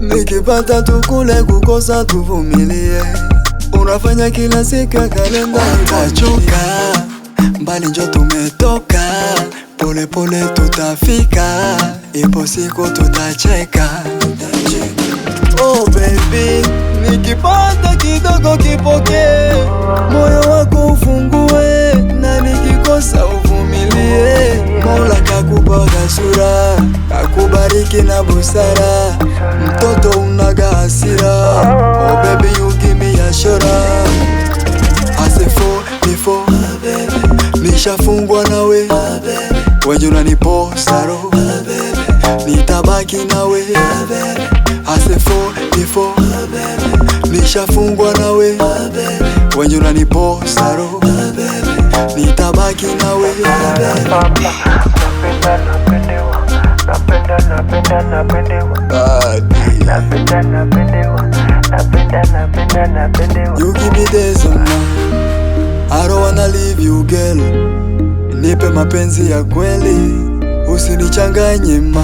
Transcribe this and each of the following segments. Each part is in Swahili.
nikipata tukule, kukosa tuvumilie. Unafanya kila siku ya kalenda, tutachoka mbali, njo tumetoka pole pole, tutafika, ipo siku tutacheka. Oh baby, nikipata kidogo kipoke, moyo wako ufungue, na nikikosa uvumilie, Mola kakupa kasura kubariki na busara. Mtoto unaga hasira, oh baby you give me ashora. Asefo nifo nishafungwa nawe, wenye unaniposa roho, nitabaki nawe. Asefo nifo nishafungwa nawe, wenye unaniposa roho, nitabaki nawe. you give me days this man I don't wanna leave you girl nipe mapenzi ya kweli usinichanganye ma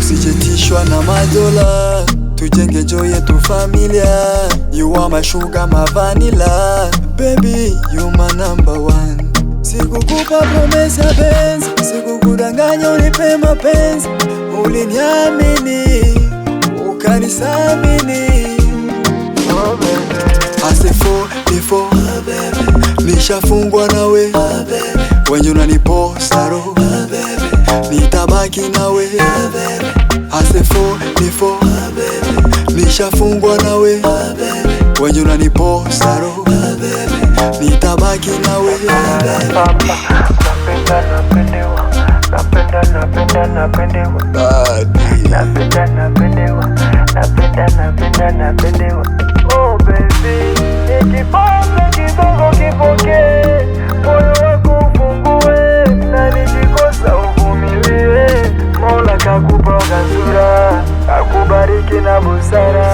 usichetishwa na madola tujenge jo yetu familia you are my sugar my vanilla baby you my number one Sikukupa promesa penzi, sikukudanganya unipe mapenzi, uliniamini ukanisamini oh, asefo defo oh, nishafungwa nawe oh, wenye unaniposa roho nitabaki nawe asefo defo nishafungwa nawe wenye unaniposa roho nitabaki nawe napendewa napenda napenda napendewa napenda napendewa na akubariki na busara